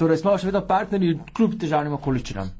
Torej smo še vedno partnerji, kljub težavnim okoliščinam.